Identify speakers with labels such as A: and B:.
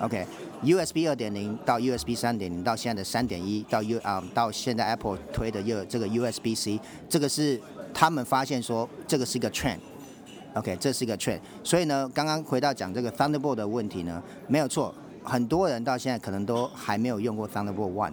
A: OK，USB 二點零到 USB 三點零到現在的三點一到 U，嗯、uh，到現在 Apple 推的又這個 USB C，這個是他們發現說這個是一個 trend。OK，這是一個 trend。所以呢，剛剛回到講這個 Thunderbolt 的問題呢，沒有錯，很多人到現在可能都還沒有用過 Thunderbolt One。